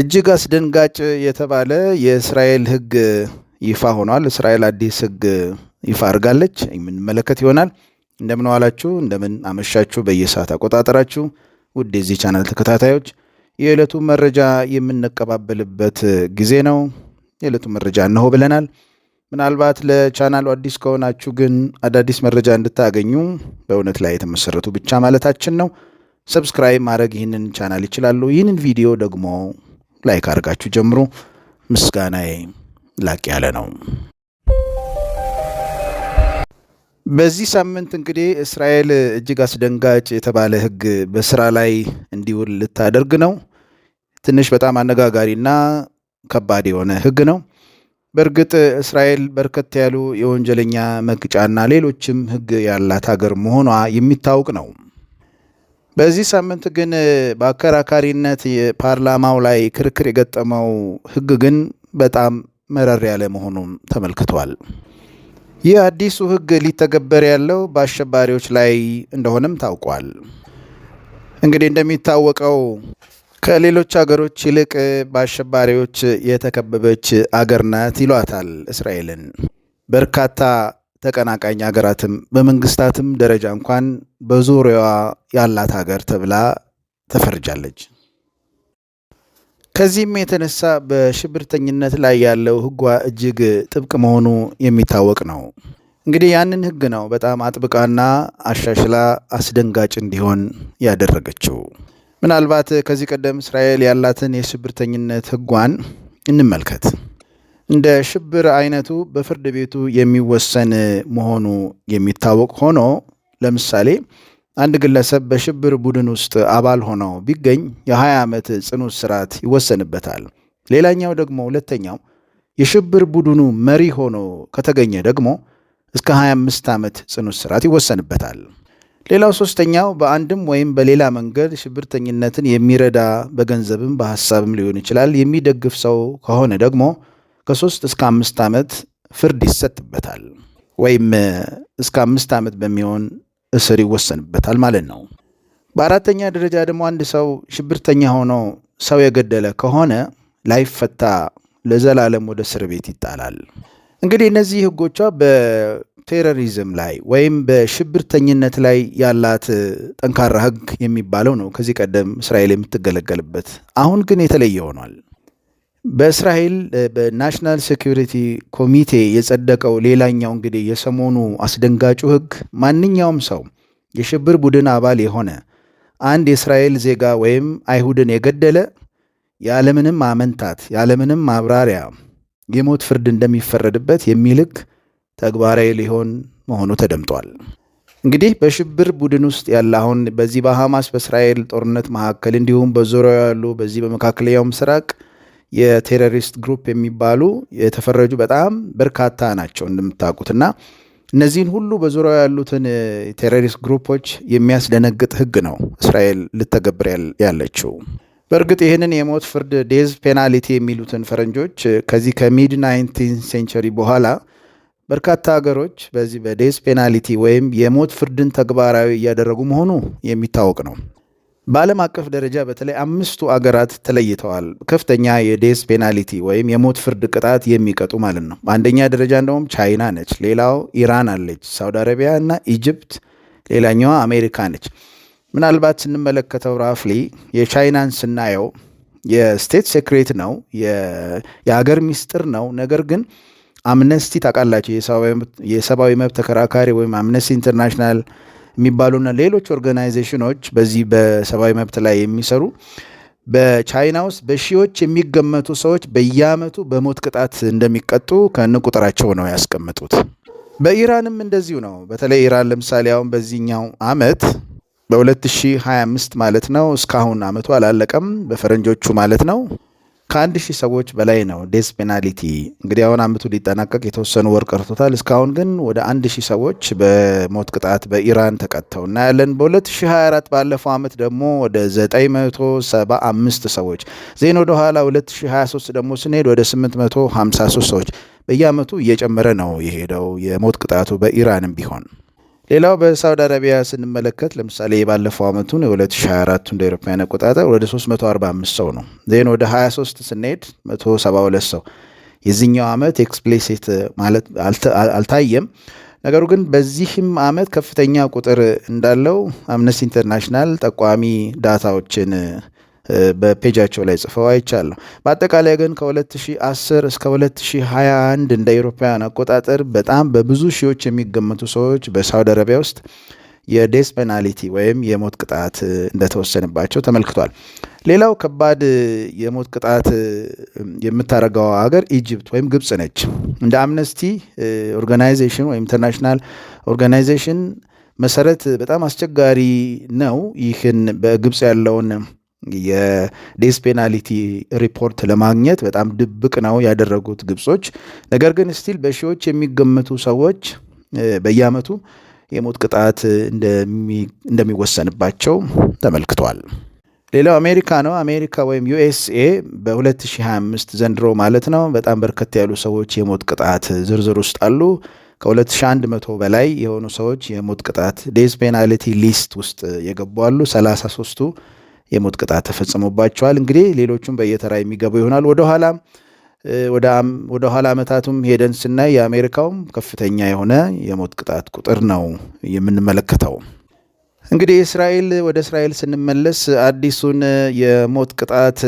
እጅግ አስደንጋጭ የተባለ የእስራኤል ህግ ይፋ ሆኗል። እስራኤል አዲስ ህግ ይፋ አድርጋለች። የምንመለከት ይሆናል። እንደምን ዋላችሁ፣ እንደምን አመሻችሁ በየሰዓት አቆጣጠራችሁ ውድ የዚህ ቻናል ተከታታዮች የዕለቱ መረጃ የምንቀባበልበት ጊዜ ነው። የዕለቱ መረጃ እነሆ ብለናል። ምናልባት ለቻናሉ አዲስ ከሆናችሁ ግን አዳዲስ መረጃ እንድታገኙ በእውነት ላይ የተመሰረቱ ብቻ ማለታችን ነው ሰብስክራይብ ማድረግ ይህንን ቻናል ይችላሉ። ይህንን ቪዲዮ ደግሞ ላይክ አድርጋችሁ ጀምሮ ምስጋናዬ ላቅ ያለ ነው። በዚህ ሳምንት እንግዲህ እስራኤል እጅግ አስደንጋጭ የተባለ ሕግ በስራ ላይ እንዲውል ልታደርግ ነው። ትንሽ በጣም አነጋጋሪና ከባድ የሆነ ሕግ ነው። በእርግጥ እስራኤል በርከት ያሉ የወንጀለኛ መቅጫና ሌሎችም ሕግ ያላት ሀገር መሆኗ የሚታወቅ ነው። በዚህ ሳምንት ግን በአከራካሪነት የፓርላማው ላይ ክርክር የገጠመው ህግ ግን በጣም መረር ያለ መሆኑም ተመልክቷል። ይህ አዲሱ ህግ ሊተገበር ያለው በአሸባሪዎች ላይ እንደሆነም ታውቋል። እንግዲህ እንደሚታወቀው ከሌሎች አገሮች ይልቅ በአሸባሪዎች የተከበበች አገር ናት ይሏታል እስራኤልን። በርካታ ተቀናቃኝ ሀገራትም በመንግስታትም ደረጃ እንኳን በዙሪያዋ ያላት ሀገር ተብላ ተፈርጃለች። ከዚህም የተነሳ በሽብርተኝነት ላይ ያለው ህጓ እጅግ ጥብቅ መሆኑ የሚታወቅ ነው። እንግዲህ ያንን ህግ ነው በጣም አጥብቃና አሻሽላ አስደንጋጭ እንዲሆን ያደረገችው። ምናልባት ከዚህ ቀደም እስራኤል ያላትን የሽብርተኝነት ህጓን እንመልከት። እንደ ሽብር አይነቱ በፍርድ ቤቱ የሚወሰን መሆኑ የሚታወቅ ሆኖ ለምሳሌ አንድ ግለሰብ በሽብር ቡድን ውስጥ አባል ሆነው ቢገኝ የ20 ዓመት ጽኑ እስራት ይወሰንበታል። ሌላኛው ደግሞ ሁለተኛው የሽብር ቡድኑ መሪ ሆኖ ከተገኘ ደግሞ እስከ 25 ዓመት ጽኑ እስራት ይወሰንበታል። ሌላው ሶስተኛው በአንድም ወይም በሌላ መንገድ ሽብርተኝነትን የሚረዳ በገንዘብም በሐሳብም ሊሆን ይችላል የሚደግፍ ሰው ከሆነ ደግሞ ከሶስት እስከ አምስት ዓመት ፍርድ ይሰጥበታል ወይም እስከ አምስት ዓመት በሚሆን እስር ይወሰንበታል ማለት ነው። በአራተኛ ደረጃ ደግሞ አንድ ሰው ሽብርተኛ ሆኖ ሰው የገደለ ከሆነ ላይፈታ ለዘላለም ወደ እስር ቤት ይጣላል። እንግዲህ እነዚህ ህጎቿ በቴሮሪዝም ላይ ወይም በሽብርተኝነት ላይ ያላት ጠንካራ ህግ የሚባለው ነው ከዚህ ቀደም እስራኤል የምትገለገልበት። አሁን ግን የተለየ ሆኗል። በእስራኤል በናሽናል ሴኩሪቲ ኮሚቴ የጸደቀው ሌላኛው እንግዲህ የሰሞኑ አስደንጋጩ ሕግ ማንኛውም ሰው የሽብር ቡድን አባል የሆነ አንድ የእስራኤል ዜጋ ወይም አይሁድን የገደለ ያለምንም አመንታት ያለምንም ማብራሪያ የሞት ፍርድ እንደሚፈረድበት የሚል ሕግ ተግባራዊ ሊሆን መሆኑ ተደምጧል። እንግዲህ በሽብር ቡድን ውስጥ ያለ አሁን በዚህ በሐማስ በእስራኤል ጦርነት መካከል እንዲሁም በዙሪያው ያሉ በዚህ በመካከለኛው ምስራቅ የቴሮሪስት ግሩፕ የሚባሉ የተፈረጁ በጣም በርካታ ናቸው እንደምታውቁት እና እነዚህን ሁሉ በዙሪያው ያሉትን ቴሮሪስት ግሩፖች የሚያስደነግጥ ህግ ነው እስራኤል ልተገብር ያለችው። በእርግጥ ይህንን የሞት ፍርድ ዴዝ ፔናሊቲ የሚሉትን ፈረንጆች ከዚህ ከሚድ ናይንቲን ሴንቸሪ በኋላ በርካታ ሀገሮች በዚህ በዴዝ ፔናሊቲ ወይም የሞት ፍርድን ተግባራዊ እያደረጉ መሆኑ የሚታወቅ ነው። በዓለም አቀፍ ደረጃ በተለይ አምስቱ አገራት ተለይተዋል። ከፍተኛ የዴስ ፔናልቲ ወይም የሞት ፍርድ ቅጣት የሚቀጡ ማለት ነው። አንደኛ ደረጃ እንደውም ቻይና ነች። ሌላው ኢራን አለች፣ ሳውዲ አረቢያ እና ኢጅፕት፣ ሌላኛዋ አሜሪካ ነች። ምናልባት ስንመለከተው ራፍሊ የቻይናን ስናየው የስቴት ሴክሬት ነው፣ የሀገር ሚስጥር ነው። ነገር ግን አምነስቲ ታውቃላቸው የሰብአዊ መብት ተከራካሪ ወይም አምነስቲ ኢንተርናሽናል የሚባሉና ሌሎች ኦርጋናይዜሽኖች በዚህ በሰብአዊ መብት ላይ የሚሰሩ በቻይና ውስጥ በሺዎች የሚገመቱ ሰዎች በየአመቱ በሞት ቅጣት እንደሚቀጡ ከነ ቁጥራቸው ነው ያስቀመጡት። በኢራንም እንደዚሁ ነው። በተለይ ኢራን ለምሳሌ አሁን በዚህኛው አመት በ2025 ማለት ነው እስካሁን አመቱ አላለቀም በፈረንጆቹ ማለት ነው ከአንድ ሺህ ሰዎች በላይ ነው ዴስ ፔናሊቲ። እንግዲህ አሁን አመቱ ሊጠናቀቅ የተወሰኑ ወር ቀርቶታል። እስካሁን ግን ወደ አንድ ሺህ ሰዎች በሞት ቅጣት በኢራን ተቀጥተው እናያለን። በ2024 ባለፈው አመት ደግሞ ወደ 975 ሰዎች ዜን ወደ ኋላ 2023 ደግሞ ስንሄድ ወደ 853 ሰዎች በየአመቱ እየጨመረ ነው የሄደው የሞት ቅጣቱ በኢራንም ቢሆን ሌላው በሳውዲ አረቢያ ስንመለከት ለምሳሌ ባለፈው አመቱን የ2024 እንደ ኤሮፓያን አቆጣጠር ወደ 345 ሰው ነው። ዜን ወደ 23 ስንሄድ 172 ሰው። የዚኛው ዓመት ኤክስፕሊሲት ማለት አልታየም። ነገሩ ግን በዚህም ዓመት ከፍተኛ ቁጥር እንዳለው አምነስቲ ኢንተርናሽናል ጠቋሚ ዳታዎችን በፔጃቸው ላይ ጽፈው አይቻለሁ። በአጠቃላይ ግን ከ2010 እስከ 2021 እንደ አውሮፓውያን አቆጣጠር በጣም በብዙ ሺዎች የሚገመቱ ሰዎች በሳውዲ አረቢያ ውስጥ የዴስ ፔናሊቲ ወይም የሞት ቅጣት እንደተወሰነባቸው ተመልክቷል። ሌላው ከባድ የሞት ቅጣት የምታደርገው ሀገር ኢጅፕት ወይም ግብፅ ነች። እንደ አምነስቲ ኦርጋናይዜሽን ወይም ኢንተርናሽናል ኦርጋናይዜሽን መሰረት በጣም አስቸጋሪ ነው ይህን በግብፅ ያለውን የዴዝ ፔናልቲ ሪፖርት ለማግኘት በጣም ድብቅ ነው ያደረጉት ግብጾች። ነገር ግን ስቲል በሺዎች የሚገመቱ ሰዎች በየአመቱ የሞት ቅጣት እንደሚወሰንባቸው ተመልክተዋል። ሌላው አሜሪካ ነው። አሜሪካ ወይም ዩኤስኤ በ2025 ዘንድሮ ማለት ነው በጣም በርከት ያሉ ሰዎች የሞት ቅጣት ዝርዝር ውስጥ አሉ። ከ2100 በላይ የሆኑ ሰዎች የሞት ቅጣት ዴዝ ፔናልቲ ሊስት ውስጥ የገቡ አሉ። 33ቱ የሞት ቅጣት ተፈጽሞባቸዋል። እንግዲህ ሌሎቹም በየተራ የሚገቡ ይሆናል። ወደኋላ ወደ ኋላ ዓመታቱም ሄደን ስናይ የአሜሪካውም ከፍተኛ የሆነ የሞት ቅጣት ቁጥር ነው የምንመለከተው። እንግዲህ እስራኤል ወደ እስራኤል ስንመለስ አዲሱን የሞት ቅጣት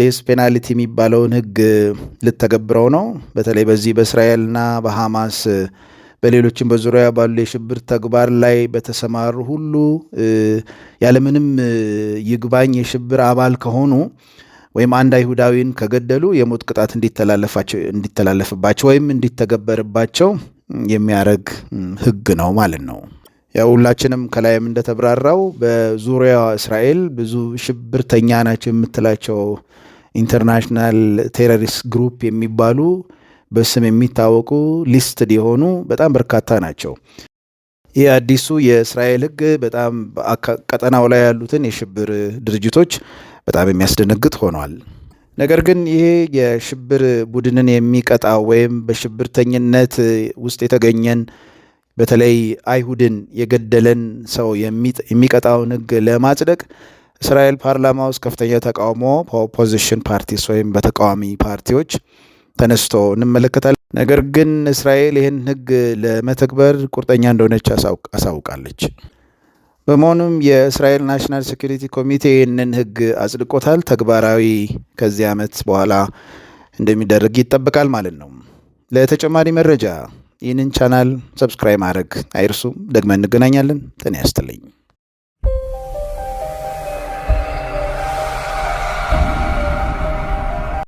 ዴስ ፔናልቲ የሚባለውን ሕግ ልተገብረው ነው። በተለይ በዚህ በእስራኤልና በሐማስ በሌሎችም በዙሪያ ባሉ የሽብር ተግባር ላይ በተሰማሩ ሁሉ ያለምንም ይግባኝ የሽብር አባል ከሆኑ ወይም አንድ አይሁዳዊን ከገደሉ የሞት ቅጣት እንዲተላለፍባቸው ወይም እንዲተገበርባቸው የሚያደርግ ሕግ ነው ማለት ነው። ያው ሁላችንም ከላይም እንደተብራራው በዙሪያ እስራኤል ብዙ ሽብርተኛ ናቸው የምትላቸው ኢንተርናሽናል ቴሮሪስት ግሩፕ የሚባሉ በስም የሚታወቁ ሊስትድ የሆኑ በጣም በርካታ ናቸው። ይህ አዲሱ የእስራኤል ሕግ በጣም ቀጠናው ላይ ያሉትን የሽብር ድርጅቶች በጣም የሚያስደነግጥ ሆኗል። ነገር ግን ይሄ የሽብር ቡድንን የሚቀጣ ወይም በሽብርተኝነት ውስጥ የተገኘን በተለይ አይሁድን የገደለን ሰው የሚቀጣውን ሕግ ለማጽደቅ እስራኤል ፓርላማ ውስጥ ከፍተኛ ተቃውሞ በኦፖዚሽን ፓርቲስ ወይም በተቃዋሚ ፓርቲዎች ተነስቶ እንመለከታለን። ነገር ግን እስራኤል ይህን ህግ ለመተግበር ቁርጠኛ እንደሆነች አሳውቃለች። በመሆኑም የእስራኤል ናሽናል ሴኩሪቲ ኮሚቴ ይህንን ህግ አጽድቆታል። ተግባራዊ ከዚህ ዓመት በኋላ እንደሚደረግ ይጠበቃል ማለት ነው። ለተጨማሪ መረጃ ይህንን ቻናል ሰብስክራይብ ማድረግ አይርሱ። ደግመን እንገናኛለን። ጤና ይስጥልኝ።